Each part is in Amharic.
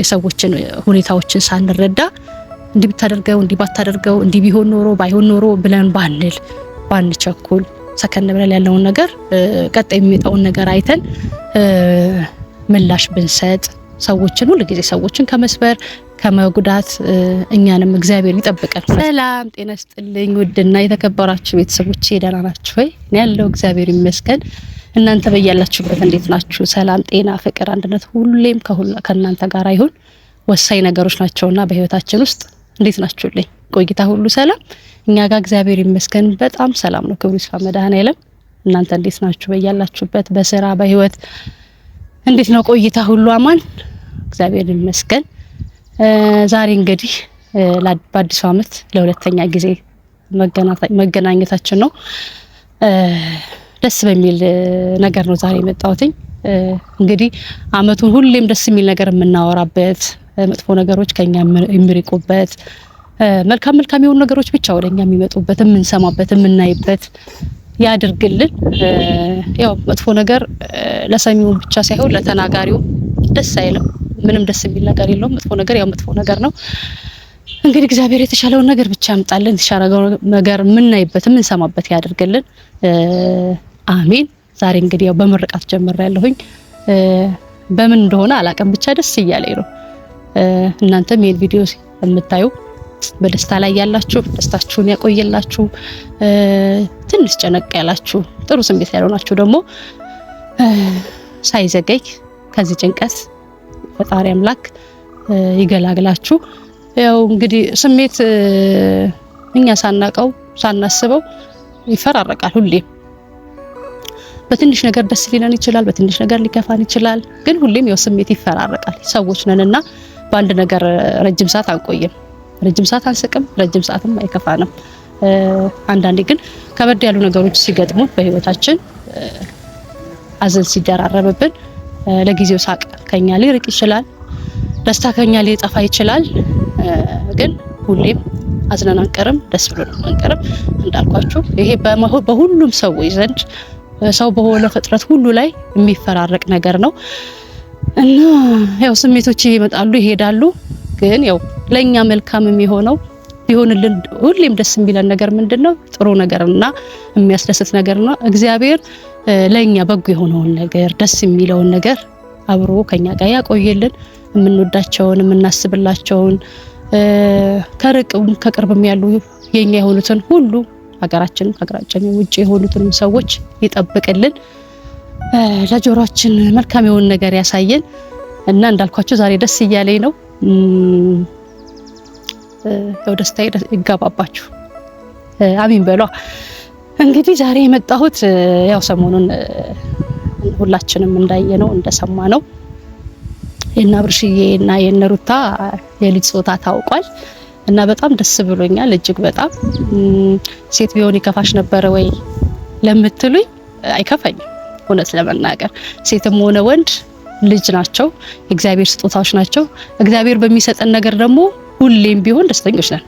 የሰዎችን ሁኔታዎችን ሳንረዳ እንዲህ ብታደርገው እንዲህ ባታደርገው እንዲህ ቢሆን ኖሮ ባይሆን ኖሮ ብለን ባንል ባንቸኩል ሰከን ብለን ያለውን ነገር ቀጣይ የሚመጣውን ነገር አይተን ምላሽ ብንሰጥ ሰዎችን ሁል ጊዜ ሰዎችን ከመስበር ከመጉዳት እኛንም እግዚአብሔር ይጠብቀን። ሰላም ጤና ስጥልኝ። ውድና የተከበራችሁ ቤተሰቦች ደህና ናችሁ ወይ? ያለው እግዚአብሔር ይመስገን። እናንተ በያላችሁበት እንዴት ናችሁ? ሰላም፣ ጤና፣ ፍቅር፣ አንድነት ሁሌም ከእናንተ ጋር ይሁን። ወሳኝ ነገሮች ናቸውና በህይወታችን ውስጥ እንዴት ናችሁልኝ? ቆይታ ሁሉ ሰላም እኛ ጋር እግዚአብሔር ይመስገን በጣም ሰላም ነው። ክብሩ ይስፋ መድኃኔዓለም። እናንተ እንዴት ናችሁ? በያላችሁበት በስራ በህይወት እንዴት ነው ቆይታ ሁሉ አማን? እግዚአብሔር ይመስገን። ዛሬ እንግዲህ በአዲሱ አመት ለሁለተኛ ጊዜ መገናኘታችን ነው። ደስ በሚል ነገር ነው ዛሬ የመጣሁትኝ። እንግዲህ አመቱን ሁሌም ደስ የሚል ነገር የምናወራበት፣ መጥፎ ነገሮች ከኛ የሚርቁበት፣ መልካም መልካም የሆኑ ነገሮች ብቻ ወደኛ የሚመጡበት፣ የምንሰማበት፣ የምናይበት ያድርግልን። ያው መጥፎ ነገር ለሰሚው ብቻ ሳይሆን ለተናጋሪው ደስ አይለም። ምንም ደስ የሚል ነገር የለውም። መጥፎ ነገር ያው መጥፎ ነገር ነው። እንግዲህ እግዚአብሔር የተሻለውን ነገር ብቻ ያምጣልን። የተሻለ ነገር የምናይበት የምንሰማበት ያድርግልን። አሜን። ዛሬ እንግዲህ ያው በምርቃት ጀምር ያለሁኝ በምን እንደሆነ አላቀም፣ ብቻ ደስ እያለኝ ነው። እናንተም ይህን ቪዲዮ የምታዩ በደስታ ላይ ያላችሁ ደስታችሁን ያቆየላችሁ፣ ትንሽ ጨነቅ ያላችሁ፣ ጥሩ ስሜት ያልሆናችሁ ደግሞ ሳይዘገይ ከዚህ ጭንቀት ፈጣሪ አምላክ ይገላግላችሁ። ያው እንግዲህ ስሜት እኛ ሳናቀው ሳናስበው ይፈራረቃል ሁሌም በትንሽ ነገር ደስ ሊለን ይችላል፣ በትንሽ ነገር ሊከፋን ይችላል። ግን ሁሌም ያው ስሜት ይፈራረቃል። ሰዎች ነንና በአንድ ነገር ረጅም ሰዓት አንቆይም፣ ረጅም ሰዓት አንስቅም፣ ረጅም ሰዓትም አይከፋንም። አንዳንዴ ግን ከበድ ያሉ ነገሮች ሲገጥሙ በህይወታችን አዘን ሲደራረብብን ለጊዜው ሳቅ ከኛ ሊርቅ ይችላል፣ ደስታ ከኛ ሊጠፋ ይችላል። ግን ሁሌም አዝነን አንቀርም፣ ደስ ብሎን አንቀርም። እንዳልኳችሁ ይሄ በሁሉም ሰዎች ዘንድ ሰው በሆነ ፍጥረት ሁሉ ላይ የሚፈራረቅ ነገር ነው እና ያው ስሜቶች ይመጣሉ ይሄዳሉ። ግን ያው ለኛ መልካም የሚሆነው ቢሆንልን ሁሌም ደስ የሚለን ነገር ምንድነው ጥሩ ነገርና የሚያስደስት ነገር ነው። እግዚአብሔር ለኛ በጎ የሆነውን ነገር ደስ የሚለውን ነገር አብሮ ከኛ ጋር ያቆየልን። የምንወዳቸውን የምናስብላቸውን ከርቅም ከቅርብም ያሉ የኛ የሆኑትን ሁሉ ሀገራችን ሀገራችን ውጭ የሆኑትን ሰዎች ይጠብቅልን፣ ለጆሮችን መልካም የሆነ ነገር ያሳየን እና እንዳልኳቸው ዛሬ ደስ እያለኝ ነው። ያው ደስታ ይጋባባችሁ። አሚን በሏ። እንግዲህ ዛሬ የመጣሁት ያው ሰሞኑን ሁላችንም እንዳየ ነው እንደሰማ ነው የእነ አብርሽዬ እና የእነ ሩታ የልጅ ጾታ ታውቋል። እና በጣም ደስ ብሎኛል። እጅግ በጣም ሴት ቢሆን ይከፋሽ ነበረ ወይ ለምትሉኝ አይከፋኝም። እውነት ለመናገር ሴትም ሆነ ወንድ ልጅ ናቸው፣ የእግዚአብሔር ስጦታዎች ናቸው። እግዚአብሔር በሚሰጠን ነገር ደግሞ ሁሌም ቢሆን ደስተኞች ነን።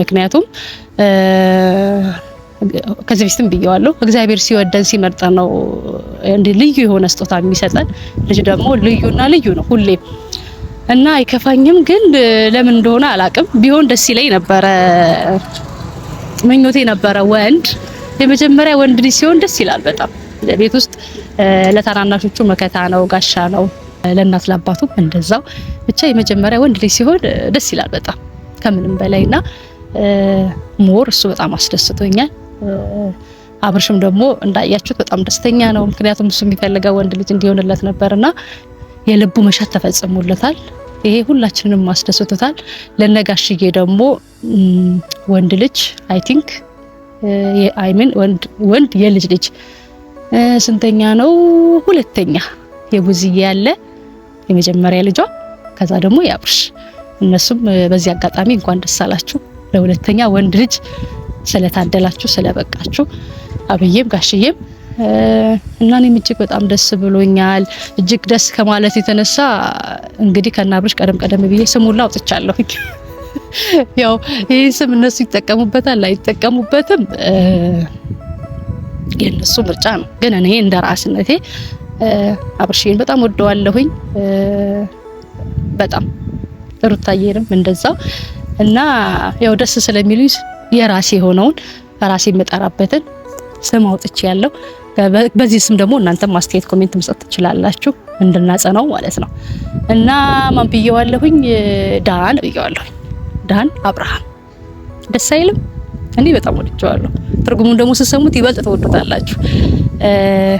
ምክንያቱም ከዚህ በፊትም ብየዋለሁ፣ እግዚአብሔር ሲወደን ሲመርጠን ነው እንዲህ ልዩ የሆነ ስጦታ የሚሰጠን። ልጅ ደግሞ ልዩና ልዩ ነው ሁሌም እና አይከፋኝም፣ ግን ለምን እንደሆነ አላቅም። ቢሆን ደስ ይለኝ ነበረ፣ ምኞቴ ነበረ። ወንድ የመጀመሪያ ወንድ ልጅ ሲሆን ደስ ይላል በጣም ቤት ውስጥ ለታናናሾቹ መከታ ነው፣ ጋሻ ነው። ለእናት ለአባቱም እንደዛው። ብቻ የመጀመሪያ ወንድ ልጅ ሲሆን ደስ ይላል በጣም ከምንም በላይና ሞር እሱ በጣም አስደስቶኛል። አብርሽም ደግሞ እንዳያችሁት በጣም ደስተኛ ነው። ምክንያቱም እሱ የሚፈልገው ወንድ ልጅ እንዲሆንለት ነበርና የልቡ መሻት ተፈጽሞለታል። ይሄ ሁላችንም አስደስቶታል ለነጋሽዬ ደግሞ ወንድ ልጅ አይ ቲንክ ሚን ወንድ የልጅ ልጅ ስንተኛ ነው? ሁለተኛ የጉዝዬ ያለ የመጀመሪያ ልጇ ከዛ ደግሞ ያብርሽ። እነሱም በዚህ አጋጣሚ እንኳን ደስ አላችሁ ለሁለተኛ ወንድ ልጅ ስለታደላችሁ ስለበቃችሁ አብዬም ጋሽዬም እና እኔም እጅግ በጣም ደስ ብሎኛል። እጅግ ደስ ከማለት የተነሳ እንግዲህ ከናብርሽ ቀደም ቀደም ብዬ ስሙላ ላውጥቻለሁ። ያው ይህን ስም እነሱ ይጠቀሙበታል አይጠቀሙበትም የእነሱ ምርጫ ነው። ግን እኔ እንደ ራስነቴ አብርሽን በጣም ወደዋለሁኝ። በጣም ሩታዬንም እንደዛው እና ያው ደስ ስለሚሉኝ የራሴ የሆነውን ራሴ የምጠራበትን ስም አውጥቼ ያለው በዚህ ስም ደግሞ እናንተም አስተያየት ኮሜንት መስጠት ትችላላችሁ፣ እንድናጸናው ማለት ነው። እና ማን ብየዋለሁኝ? ዳን ብየዋለሁኝ። ዳን አብርሃም ደስ አይልም? እኔ በጣም ወድጀዋለሁ። ትርጉሙን ደግሞ ስሰሙት ይበልጥ ተወዱታላችሁ።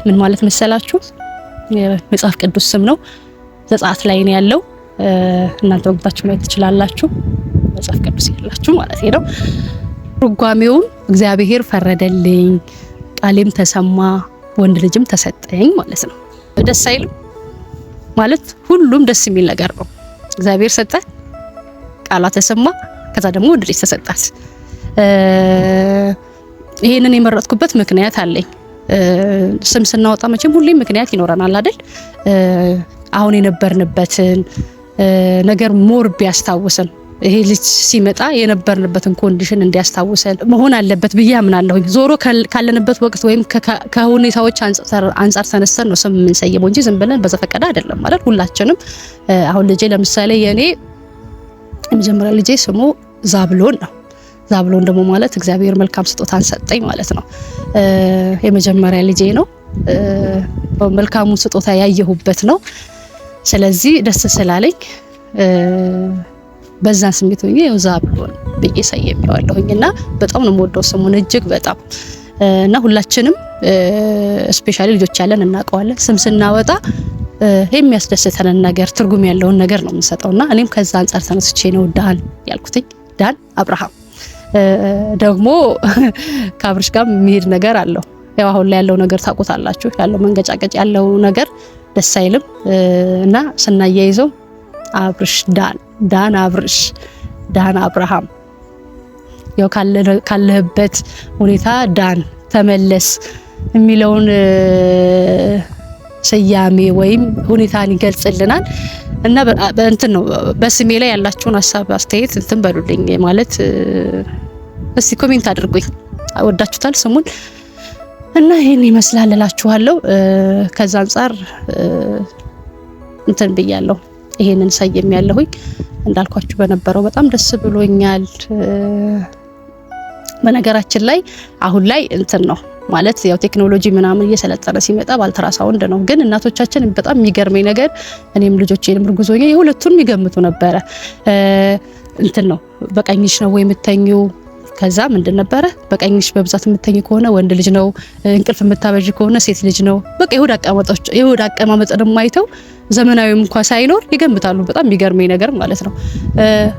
ምን ማለት መሰላችሁ? መጽሐፍ ቅዱስ ስም ነው። ዘጸአት ላይ ነው ያለው። እናንተ ወግታችሁ ማየት ትችላላችሁ። መጽሐፍ ቅዱስ ያላችሁ ማለት ነው። ትርጓሜውም እግዚአብሔር ፈረደልኝ ቃሌም ተሰማ ወንድ ልጅም ተሰጠኝ ማለት ነው። ደስ አይልም ማለት ሁሉም ደስ የሚል ነገር ነው። እግዚአብሔር ሰጠ፣ ቃሏ ተሰማ፣ ከዛ ደግሞ ወንድ ልጅ ተሰጣት። ይሄንን የመረጥኩበት ምክንያት አለኝ። ስም ስናወጣ መቼም ሁሌም ምክንያት ይኖረናል አይደል? አሁን የነበርንበትን ነገር ሞር ቢያስታውስን ይሄ ልጅ ሲመጣ የነበርንበትን ኮንዲሽን እንዲያስታውሰን መሆን አለበት ብዬ አምናለሁኝ። ዞሮ ካለንበት ወቅት ወይም ከሁኔታዎች አንጻር ተነስተን ነው ስም የምንሰይመው እንጂ ዝም ብለን በዘፈቀደ አይደለም ማለት ሁላችንም። አሁን ልጄ ለምሳሌ የእኔ የመጀመሪያ ልጄ ስሙ ዛብሎን ነው። ዛብሎን ደግሞ ማለት እግዚአብሔር መልካም ስጦታን ሰጠኝ ማለት ነው። የመጀመሪያ ልጄ ነው። መልካሙን ስጦታ ያየሁበት ነው። ስለዚህ ደስ ስላለኝ በዛ ስሜት ሆኜ ያው ዛብሎን ብዬ ሰየሜዋለሁኝ እና በጣም ነው የምወደው ስሙን እጅግ በጣም እና ሁላችንም ስፔሻሊ ልጆች ያለን እናውቀዋለን። ስም ስናወጣ የሚያስደስተንን ነገር ትርጉም ያለውን ነገር ነው የምንሰጠው እና እኔም ከዛ አንጻር ተነስቼ ነው ዳን ያልኩትኝ። ዳን አብርሃም ደግሞ ከአብርሽ ጋር የሚሄድ ነገር አለው። ያው አሁን ላይ ያለው ነገር ታውቁታላችሁ። ያለው መንገጫገጭ ያለው ነገር ደስ አይልም እና ስናያይዘው አብርሽ ዳን ዳን አብርሽ፣ ዳን አብርሃም፣ ያው ካለህበት ሁኔታ ዳን ተመለስ የሚለውን ስያሜ ወይም ሁኔታን ይገልጽልናል እና እንትን ነው። በስሜ ላይ ያላችሁን ሀሳብ አስተያየት እንትን በሉልኝ ማለት እስቲ ኮሜንት አድርጉኝ። ወዳችሁታል ስሙን እና ይህን ይመስላል እላችኋለሁ። ከዛ አንጻር እንትን ብያለሁ። ይሄንን ሰየም ያለሁኝ እንዳልኳችሁ በነበረው በጣም ደስ ብሎኛል። በነገራችን ላይ አሁን ላይ እንትን ነው ማለት ያው ቴክኖሎጂ ምናምን እየሰለጠነ ሲመጣ ባልትራሳውንድ ነው። ግን እናቶቻችን በጣም የሚገርመኝ ነገር እኔም ልጆቼንም እርጉዝ ሆኜ የሁለቱንም ይገምቱ ነበረ። እንትን ነው በቀኝሽ ነው ወይ የምተኙ ከዛ ምንድን ነበረ በቀኝሽ በብዛት የምተኝ ከሆነ ወንድ ልጅ ነው፣ እንቅልፍ የምታበዥ ከሆነ ሴት ልጅ ነው። በቃ የሆድ አቀማመጦች የሆድ አቀማመጥ ደግሞ አይተው ዘመናዊም እንኳ ሳይኖር ይገምታሉ። በጣም የሚገርመኝ ነገር ማለት ነው።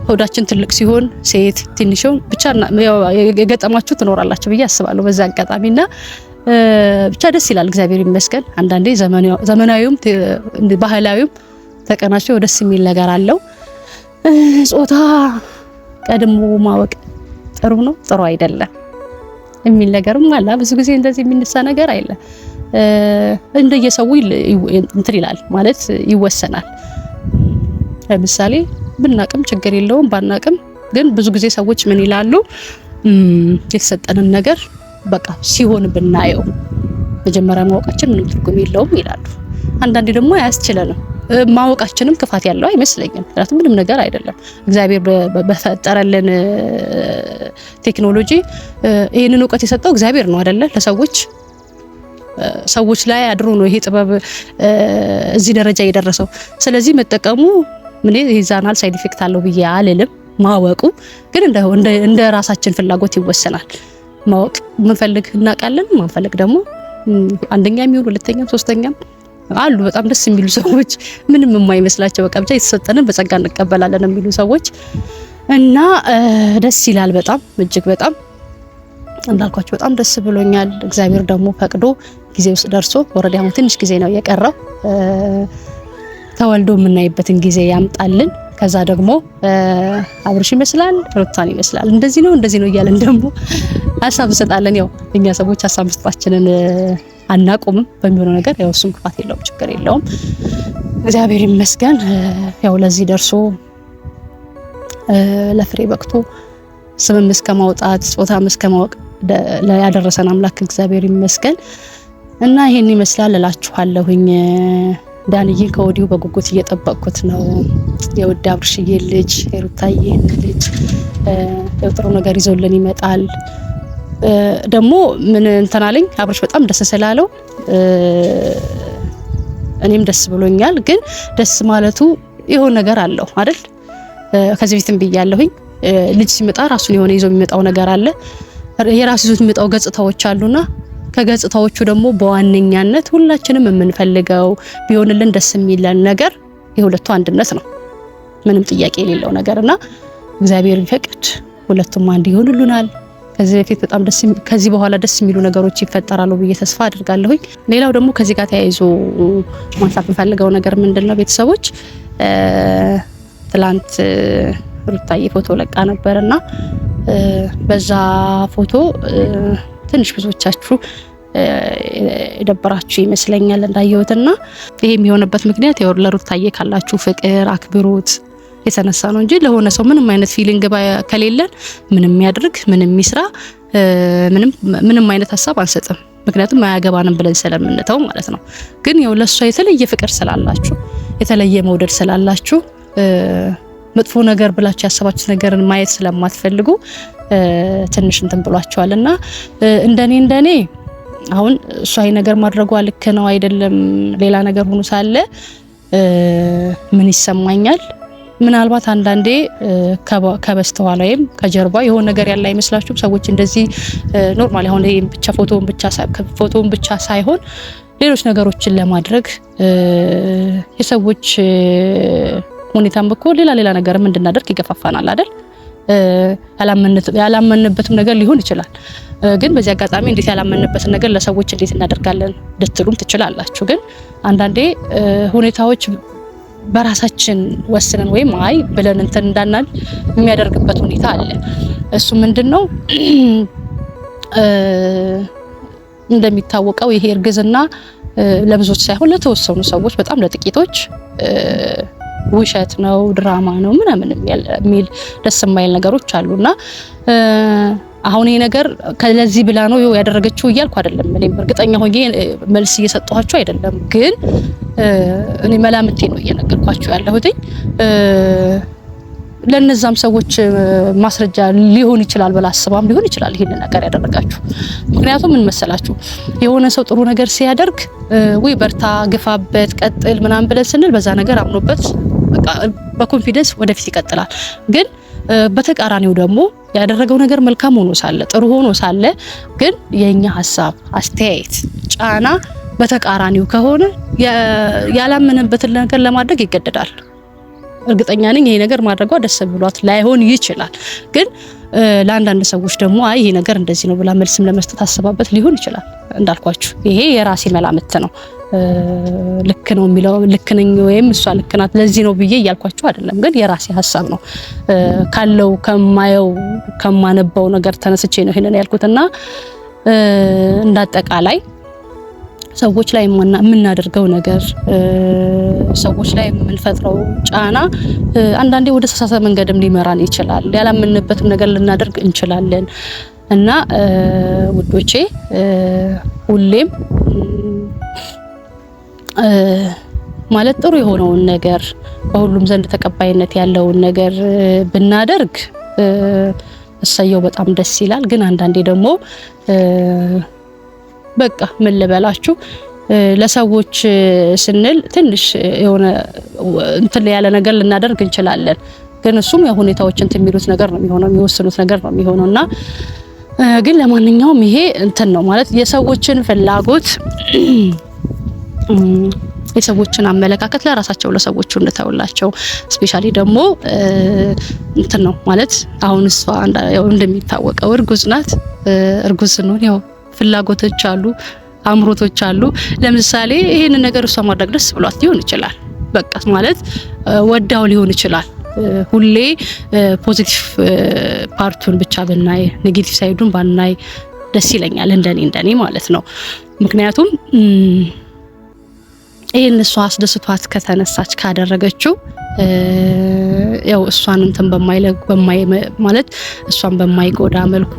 ሆዳችን ትልቅ ሲሆን ሴት ትንሽው ብቻ የገጠማችሁ ትኖራላችሁ ብዬ አስባለሁ በዛ አጋጣሚና ብቻ ደስ ይላል። እግዚአብሔር ይመስገን። አንዳንዴ ዘመናዊም ባህላዊም ተቀናቸው ደስ የሚል ነገር አለው። ጾታ ቀድሞ ማወቅ ጥሩ ነው፣ ጥሩ አይደለም የሚል ነገርም አለ። ብዙ ጊዜ እንደዚህ የሚነሳ ነገር አይለ እንደየሰው እንትን ይላል ማለት ይወሰናል። ለምሳሌ ብናቅም ችግር የለውም ባናቅም፣ ግን ብዙ ጊዜ ሰዎች ምን ይላሉ? የተሰጠንን ነገር በቃ ሲሆን ብናየው መጀመሪያ ማወቃችን ምንም ትርጉም የለውም ይላሉ። አንዳንዴ ደግሞ አያስችለንም ማወቃችንም ክፋት ያለው አይመስለኝም። ምክንያቱም ምንም ነገር አይደለም። እግዚአብሔር በፈጠረልን ቴክኖሎጂ ይህንን እውቀት የሰጠው እግዚአብሔር ነው አይደለ? ለሰዎች ሰዎች ላይ አድሮ ነው ይሄ ጥበብ እዚህ ደረጃ የደረሰው። ስለዚህ መጠቀሙ ምን ይዛናል ሳይድ ኢፌክት አለው ብዬ አልልም። ማወቁ ግን እንደ ራሳችን ፍላጎት ይወሰናል። ማወቅ ምንፈልግ እናውቃለን፣ ማንፈልግ ደግሞ አንደኛም ይሁን ሁለተኛም ሶስተኛም አሉ በጣም ደስ የሚሉ ሰዎች ምንም የማይመስላቸው በቃ ብቻ የተሰጠንን በጸጋ እንቀበላለን የሚሉ ሰዎች እና ደስ ይላል። በጣም እጅግ በጣም እንዳልኳቸው በጣም ደስ ብሎኛል። እግዚአብሔር ደግሞ ፈቅዶ ጊዜ ውስጥ ደርሶ ወረዲ አሁን ትንሽ ጊዜ ነው የቀረው። ተወልዶ የምናይበትን ጊዜ ያምጣልን። ከዛ ደግሞ አብርሽ ይመስላል ሩታን ይመስላል እንደዚህ ነው እንደዚህ ነው እያለን ደግሞ ሀሳብ እንሰጣለን። ያው እኛ ሰዎች ሀሳብ መስጠታችንን አናቆምም በሚሆነው ነገር ያው እሱም ክፋት የለውም፣ ችግር የለውም። እግዚአብሔር ይመስገን ያው ለዚህ ደርሶ ለፍሬ በቅቶ ስምም እስከ ማውጣት ጾታም እስከ ማወቅ ያደረሰን አምላክ እግዚአብሔር ይመስገን እና ይሄን ይመስላል እላችኋለሁኝ። ዳንዬን ከወዲሁ በጉጉት እየጠበቅኩት ነው። የውድ አብርሽዬ ልጅ የሩታዬን ልጅ ጥሩ ነገር ይዞልን ይመጣል። ደግሞ ምን እንትን አለኝ አብርሽ በጣም ደስ ስላለው እኔም ደስ ብሎኛል። ግን ደስ ማለቱ የሆነ ነገር አለው አይደል? ከዚህ በፊትም ብያለሁኝ ልጅ ሲመጣ ራሱን የሆነ ይዞ የሚመጣው ነገር አለ። የራሱ ይዞት የሚመጣው ገጽታዎች አሉና ከገጽታዎቹ ደግሞ በዋነኛነት ሁላችንም የምንፈልገው ቢሆንልን ደስ የሚለን ነገር የሁለቱ አንድነት ነው፣ ምንም ጥያቄ የሌለው ነገር እና እግዚአብሔር ቢፈቅድ ሁለቱም አንድ ይሆኑልናል። ከዚህ በፊት በጣም ደስ ከዚህ በኋላ ደስ የሚሉ ነገሮች ይፈጠራሉ ብዬ ተስፋ አድርጋለሁኝ። ሌላው ደግሞ ከዚህ ጋር ተያይዞ ማንሳት የምፈልገው ነገር ምንድን ነው ቤተሰቦች ትላንት ሩታዬ ፎቶ ለቃ ነበር እና በዛ ፎቶ ትንሽ ብዙዎቻችሁ የደበራችሁ ይመስለኛል እንዳየሁትና ይሄ የሚሆንበት ምክንያት ለሩታዬ ካላችሁ ፍቅር፣ አክብሮት የተነሳ ነው እንጂ ለሆነ ሰው ምንም አይነት ፊሊንግ ከሌለን ምንም የሚያድርግ ምንም ይስራ ምንም አይነት ሀሳብ አንሰጥም። ምክንያቱም አያገባንም ብለን ስለምንተው ማለት ነው። ግን ያው ለእሷ የተለየ ፍቅር ስላላችሁ የተለየ መውደድ ስላላችሁ መጥፎ ነገር ብላችሁ ያሰባችሁት ነገርን ማየት ስለማትፈልጉ ትንሽ እንትን ብሏቸዋል እና እንደኔ እንደኔ አሁን እሷ ይሄ ነገር ማድረጓ ልክ ነው አይደለም ሌላ ነገር ሆኖ ሳለ ምን ይሰማኛል? ምናልባት አንዳንዴ ከበስተኋላ ወይም ከጀርባ የሆነ ነገር ያለ አይመስላችሁም? ሰዎች እንደዚህ ኖርማል አሁን ብቻ ፎቶን ብቻ ፎቶን ብቻ ሳይሆን ሌሎች ነገሮችን ለማድረግ የሰዎች ሁኔታም እኮ ሌላ ሌላ ነገርም እንድናደርግ ይገፋፋናል አይደል? ያላመንበትም ነገር ሊሆን ይችላል። ግን በዚህ አጋጣሚ እንዴት ያላመንበትን ነገር ለሰዎች እንዴት እናደርጋለን ልትሉም ትችላላችሁ። ግን አንዳንዴ ሁኔታዎች በራሳችን ወስነን ወይም አይ ብለን እንትን እንዳናል የሚያደርግበት ሁኔታ አለ። እሱ ምንድን ነው? እንደሚታወቀው ይሄ እርግዝና ለብዙዎች ሳይሆን ለተወሰኑ ሰዎች በጣም ለጥቂቶች ውሸት ነው፣ ድራማ ነው ምናምን የሚል ደስ የማይል ነገሮች አሉና አሁን ይሄ ነገር ከለዚህ ብላ ነው ያደረገችው እያልኩ አይደለም። እኔም እርግጠኛ ሆኜ መልስ እየሰጠኋችሁ አይደለም፣ ግን እኔ መላምቴ ነው እየነገርኳቸው ያለሁትኝ። ለነዛም ሰዎች ማስረጃ ሊሆን ይችላል ብላ አስባም ሊሆን ይችላል ይሄን ነገር ያደረጋችሁ። ምክንያቱም ምን መሰላችሁ፣ የሆነ ሰው ጥሩ ነገር ሲያደርግ ወይ በርታ፣ ግፋበት፣ ቀጥል ምናምን ብለን ስንል በዛ ነገር አምኖበት በቃ በኮንፊደንስ ወደፊት ይቀጥላል ግን በተቃራኒው ደግሞ ያደረገው ነገር መልካም ሆኖ ሳለ ጥሩ ሆኖ ሳለ ግን የኛ ሀሳብ፣ አስተያየት፣ ጫና በተቃራኒው ከሆነ ያላመነበትን ነገር ለማድረግ ይገደዳል። እርግጠኛ ነኝ ይሄ ነገር ማድረጓ ደስ ብሏት ላይሆን ይችላል። ግን ለአንዳንድ ሰዎች ደግሞ አይ ይሄ ነገር እንደዚህ ነው ብላ መልስም ለመስጠት አስባበት ሊሆን ይችላል። እንዳልኳችሁ ይሄ የራሴ መላምት ነው። ልክ ነው የሚለው ልክ ነኝ ወይም እሷ ልክ ናት ለዚህ ነው ብዬ እያልኳቸው አይደለም፣ ግን የራሴ ሀሳብ ነው ካለው ከማየው ከማነባው ነገር ተነስቼ ነው ይሄንን ያልኩትና እንዳጠቃላይ ሰዎች ላይ የምናደርገው ነገር ሰዎች ላይ የምንፈጥረው ጫና አንዳንዴ ወደ ተሳሳተ መንገድም ሊመራን ይችላል። ያላምንበትም ነገር ልናደርግ እንችላለን እና ውዶቼ ሁሌም ማለት ጥሩ የሆነውን ነገር በሁሉም ዘንድ ተቀባይነት ያለውን ነገር ብናደርግ እሰየው በጣም ደስ ይላል። ግን አንዳንዴ ደግሞ በቃ ምን ልበላችሁ ለሰዎች ስንል ትንሽ የሆነ እንትን ያለ ነገር ልናደርግ እንችላለን። ግን እሱም የሁኔታዎች ሁኔታዎች እንትን የሚሉት ነገር ነው የሚሆነው የሚወስኑት ነገር ነው የሚሆነው እና ግን ለማንኛውም ይሄ እንትን ነው ማለት የሰዎችን ፍላጎት የሰዎችን አመለካከት ለራሳቸው ለሰዎቹ እንደተውላቸው ስፔሻሊ ደግሞ እንትን ነው ማለት አሁን እሷ እንደሚታወቀው እርጉዝ ናት። እርጉዝ ነው ያው ፍላጎቶች አሉ፣ አምሮቶች አሉ። ለምሳሌ ይሄንን ነገር እሷ ማድረግ ደስ ብሏት ሊሆን ይችላል። በቃ ማለት ወዳው ሊሆን ይችላል። ሁሌ ፖዚቲቭ ፓርቱን ብቻ ብናይ ኔጌቲቭ ሳይዱን ባናይ ደስ ይለኛል፣ እንደኔ እንደኔ ማለት ነው ምክንያቱም ይህን እሷ አስደስቷት ከተነሳች ካደረገችው ያው እሷን እንትን ማለት እሷን በማይጎዳ መልኩ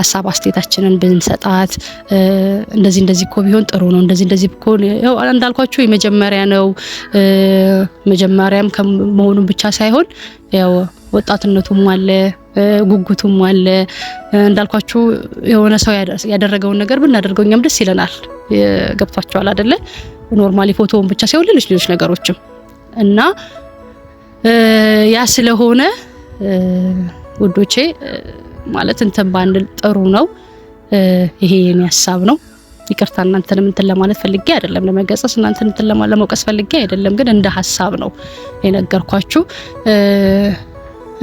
ሀሳብ አስተያየታችንን ብንሰጣት እንደዚህ እንደዚህ እኮ ቢሆን ጥሩ ነው፣ እንደዚህ እንደዚህ እኮ ያው እንዳልኳችሁ የመጀመሪያ ነው። መጀመሪያም ከመሆኑ ብቻ ሳይሆን ያው ወጣትነቱም አለ ጉጉቱም አለ። እንዳልኳችሁ የሆነ ሰው ያደረገውን ነገር ብናደርገው እኛም ደስ ይለናል። ገብቷቸዋል አይደለ? ኖርማሊ ፎቶውን ብቻ ሳይሆን ሌሎች ሌሎች ነገሮችም እና ያ ስለሆነ ውዶቼ ማለት እንትን ባንል ጥሩ ነው። ይሄ የኔ ሀሳብ ነው። ይቅርታ እናንተንም እንትን ለማለት ፈልጌ አይደለም፣ ለመገጸስ እናንተን እንትን ለመውቀስ ፈልጌ አይደለም። ግን እንደ ሀሳብ ነው የነገርኳችሁ።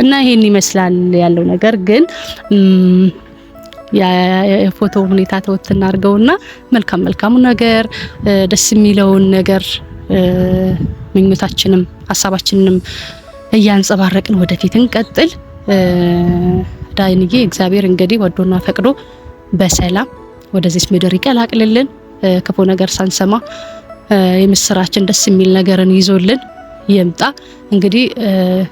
እና ይሄን ይመስላል ያለው ነገር ግን የፎቶ ሁኔታ ተወትና አድርገውና መልካም መልካሙ ነገር ደስ የሚለውን ነገር ምኞታችንም ሀሳባችንንም እያንጸባረቅን ወደፊት እንቀጥል። ዳይንዬ እግዚአብሔር እንግዲህ ወዶና ፈቅዶ በሰላም ወደዚህ ምድር ይቀላቅልልን። ክፉ ነገር ሳንሰማ የምስራችን ደስ የሚል ነገርን ይዞልን ይምጣ። እንግዲህ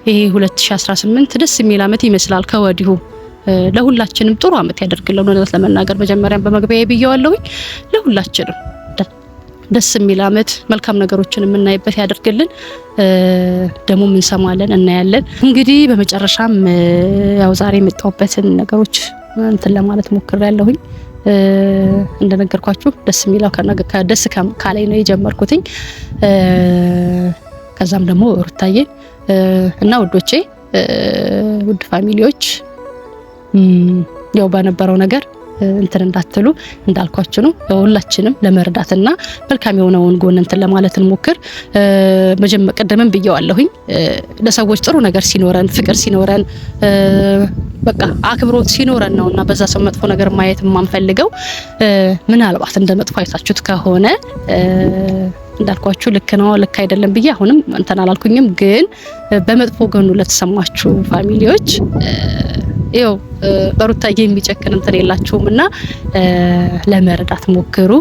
ይሄ 2018 ደስ የሚል አመት ይመስላል ከወዲሁ ለሁላችንም ጥሩ አመት ያደርግልን። እውነት ለመናገር መጀመሪያም በመግቢያ ብየዋለሁኝ ለሁላችንም ደስ የሚል አመት መልካም ነገሮችን የምናይበት ያደርግልን። ደግሞ እንሰማለን፣ እናያለን። እንግዲህ በመጨረሻም ያው ዛሬ የመጣሁበትን ነገሮች እንትን ለማለት ያለሁኝ እንደነገርኳችሁ ደስ የሚለው ደስ ካላይ ነው የጀመርኩትኝ። ከዛም ደግሞ ሩታዬ እና ውዶቼ ውድ ፋሚሊዎች ያው በነበረው ነገር እንትን እንዳትሉ እንዳልኳችሁ ነው። ሁላችንም ለመርዳትና መልካም የሆነውን ጎን እንትን ለማለት እንሞክር። መጀመር ቀደምም ብየዋለሁኝ ለሰዎች ጥሩ ነገር ሲኖረን ፍቅር ሲኖረን በቃ አክብሮት ሲኖረን ነውና በዛ ሰው መጥፎ ነገር ማየት የማንፈልገው ምናልባት እንደ መጥፎ አይታችሁት ከሆነ እንዳልኳችሁ ልክ ነው ልክ አይደለም ብዬ አሁንም እንትን አላልኩኝም። ግን በመጥፎ ገኑ ለተሰማችሁ ፋሚሊዎች ይኸው በሩታዬ የሚጨክን እንትን የላችሁም እና ለመረዳት ሞክሩ።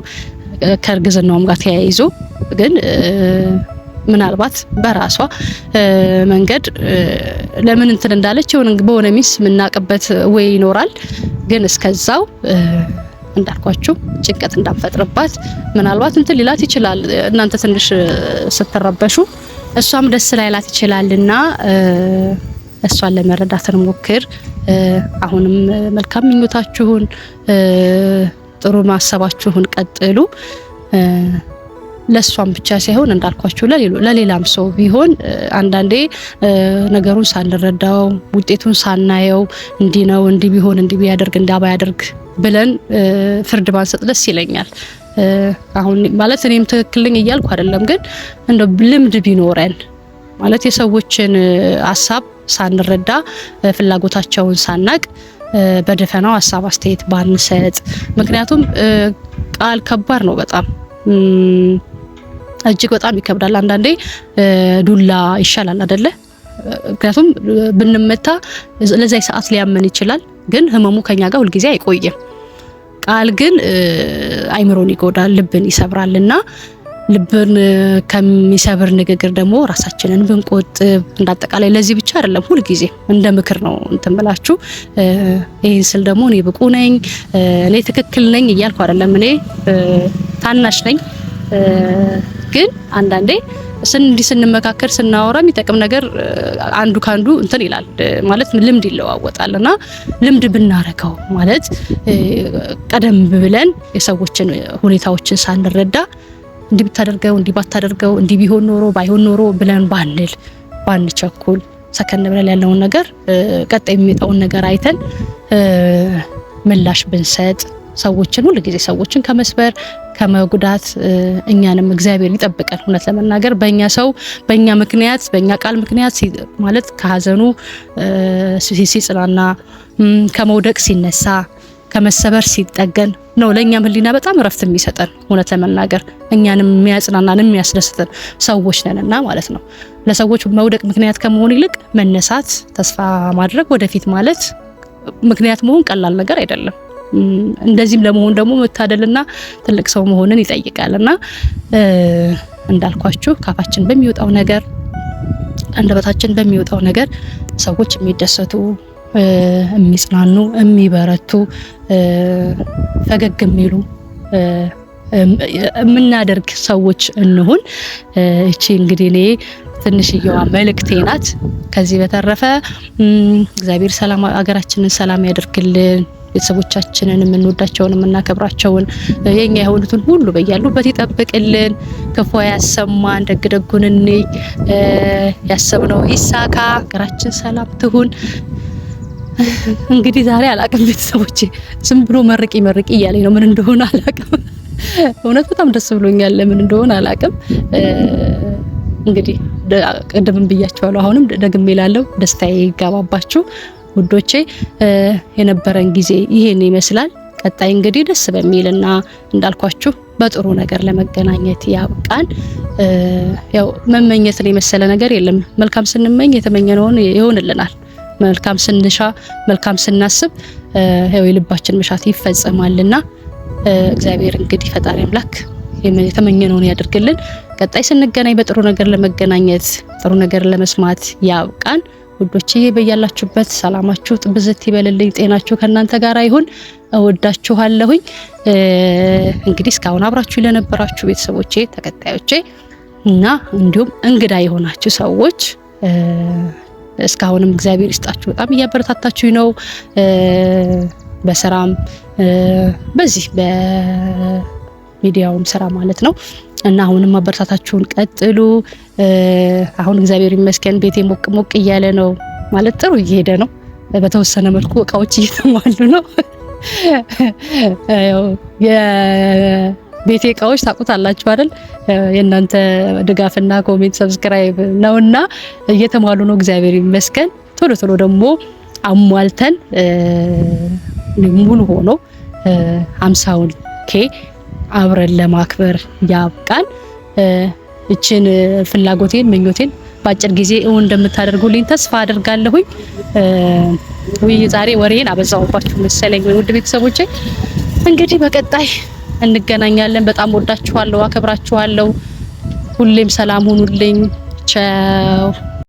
ከእርግዝናውም ጋር ተያይዞ ግን ምናልባት በራሷ መንገድ ለምን እንትን እንዳለች በሆነ ሚስ የምናውቅበት ወይ ይኖራል ግን እስከዛው እንዳልኳችሁ ጭንቀት እንዳንፈጥርባት። ምናልባት እንትን ሊላት ይችላል፣ እናንተ ትንሽ ስትረበሹ እሷም ደስ ላይላት ይችላልና እሷን ለመረዳት እንሞክር። አሁንም መልካም ምኞታችሁን ጥሩ ማሰባችሁን ቀጥሉ። ለእሷም ብቻ ሳይሆን እንዳልኳቸው ለሌላም ሰው ቢሆን አንዳንዴ ነገሩን ሳንረዳው ውጤቱን ሳናየው እንዲህ ነው እንዲህ ቢሆን እንዲህ ቢያደርግ እንዳ ባያደርግ ብለን ፍርድ ባንሰጥ ደስ ይለኛል። አሁን ማለት እኔም ትክክል ነኝ እያልኩ አይደለም፣ ግን እንደ ልምድ ቢኖረን ማለት የሰዎችን ሀሳብ ሳንረዳ ፍላጎታቸውን ሳናቅ በደፈናው ሀሳብ አስተያየት ባንሰጥ። ምክንያቱም ቃል ከባድ ነው በጣም እጅግ በጣም ይከብዳል። አንዳንዴ ዱላ ይሻላል አደለ? ምክንያቱም ብንመታ ለዚያ ሰዓት ሊያመን ይችላል፣ ግን ህመሙ ከኛ ጋር ሁልጊዜ አይቆይም። ቃል ግን አይምሮን ይጎዳል፣ ልብን ይሰብራል እና ልብን ከሚሰብር ንግግር ደግሞ ራሳችንን ብንቆጥብ እንዳጠቃላይ ለዚህ ብቻ አይደለም፣ ሁልጊዜ እንደ ምክር ነው እንትምላችሁ። ይህን ስል ደግሞ እኔ ብቁ ነኝ፣ እኔ ትክክል ነኝ እያልኩ አይደለም። እኔ ታናሽ ነኝ ግን አንዳንዴ እንዲህ ስንመካከር ስናወራ የሚጠቅም ነገር አንዱ ካንዱ እንትን ይላል ማለት ልምድ ይለዋወጣል እና ልምድ ብናረገው ማለት ቀደም ብለን የሰዎችን ሁኔታዎችን ሳንረዳ እንዲህ ብታደርገው እንዲህ ባታደርገው እንዲህ ቢሆን ኖሮ ባይሆን ኖሮ ብለን ባንል ባንቸኩል ሰከን ብለን ያለውን ነገር ቀጣይ የሚመጣውን ነገር አይተን ምላሽ ብንሰጥ ሰዎችን ሁል ጊዜ ሰዎችን ከመስበር ከመጉዳት እኛንም እግዚአብሔር ይጠብቀን። እውነት ለመናገር በእኛ ሰው በእኛ ምክንያት በእኛ ቃል ምክንያት ማለት ከሀዘኑ ሲጽናና ከመውደቅ ሲነሳ ከመሰበር ሲጠገን ነው ለእኛም ህሊና በጣም እረፍት የሚሰጠን እውነት ለመናገር እኛንም የሚያጽናናን የሚያስደስተን ሰዎች ነንና ማለት ነው። ለሰዎች መውደቅ ምክንያት ከመሆን ይልቅ መነሳት፣ ተስፋ ማድረግ፣ ወደፊት ማለት ምክንያት መሆን ቀላል ነገር አይደለም። እንደዚህም ለመሆን ደግሞ መታደልና ትልቅ ሰው መሆንን ይጠይቃልና እንዳልኳችሁ ካፋችን በሚወጣው ነገር አንደበታችን በሚወጣው ነገር ሰዎች የሚደሰቱ የሚጽናኑ፣ የሚበረቱ፣ ፈገግ የሚሉ የምናደርግ ሰዎች እንሁን። እቺ እንግዲህ እኔ ትንሽየዋ መልእክቴ ናት። ከዚህ በተረፈ እግዚአብሔር ሰላም አገራችንን ሰላም ያደርግልን። ቤተሰቦቻችንን የምንወዳቸውን የምናከብራቸውን የኛ የሆኑትን ሁሉ በያሉበት ይጠብቅልን፣ ክፉ ያሰማን፣ ደግ ደጉን ያሰብነው ይሳካ፣ ሀገራችን ሰላም ትሁን። እንግዲህ ዛሬ አላቅም ቤተሰቦች፣ ዝም ብሎ መርቂ መርቂ እያለኝ ነው። ምን እንደሆነ አላቅም። እውነት በጣም ደስ ብሎኛል። ምን እንደሆነ አላቅም። እንግዲህ ቅድምም ብያቸዋለሁ፣ አሁንም ደግሜ እላለሁ፣ ደስታዬ ይጋባባችሁ። ውዶቼ የነበረን ጊዜ ይህን ይመስላል። ቀጣይ እንግዲህ ደስ በሚልና እንዳልኳችሁ በጥሩ ነገር ለመገናኘት ያብቃን። ያው መመኘትን የመሰለ ነገር የለም። መልካም ስንመኝ የተመኘነውን ይሆንልናል። መልካም ስንሻ፣ መልካም ስናስብ ያው የልባችን መሻት ይፈጸማልና እግዚአብሔር እንግዲህ ፈጣሪ አምላክ የተመኘነውን ያድርግልን። ቀጣይ ስንገናኝ በጥሩ ነገር ለመገናኘት ጥሩ ነገር ለመስማት ያብቃን። ይሄ በያላችሁበት ሰላማችሁ ጥብዝት ይበልልኝ፣ ጤናችሁ ከእናንተ ጋር ይሁን። እወዳችኋለሁኝ። እንግዲህ እስካሁን አብራችሁ ለነበራችሁ ቤተሰቦቼ፣ ተከታዮቼ እና እንዲሁም እንግዳ የሆናችሁ ሰዎች እስካሁንም እግዚአብሔር ይስጣችሁ። በጣም እያበረታታችሁ ነው በስራም በዚህ በሚዲያውም ስራ ማለት ነው። እና አሁንም ማበረታታችሁን ቀጥሉ። አሁን እግዚአብሔር ይመስገን ቤቴ ሞቅ ሞቅ እያለ ነው ማለት ጥሩ እየሄደ ነው። በተወሰነ መልኩ እቃዎች እየተሟሉ ነው። የቤቴ እቃዎች ታውቁታላችሁ አይደል? የእናንተ ድጋፍና ኮሜንት፣ ሰብስክራይብ ነውና እየተሟሉ ነው። እግዚአብሔር ይመስገን። ቶሎ ቶሎ ደግሞ አሟልተን ሙሉ ሆኖ ሀምሳውን ኬ አብረን ለማክበር ያብቃን። እችን ፍላጎቴን ምኞቴን በአጭር ጊዜ እውን እንደምታደርጉልኝ ተስፋ አድርጋለሁኝ። ውይ ዛሬ ወሬን አበዛሁባችሁ መሰለኝ ውድ ቤተሰቦቼ። እንግዲህ በቀጣይ እንገናኛለን። በጣም ወዳችኋለሁ፣ አከብራችኋለሁ። ሁሌም ሰላም ሁኑልኝ። ቻው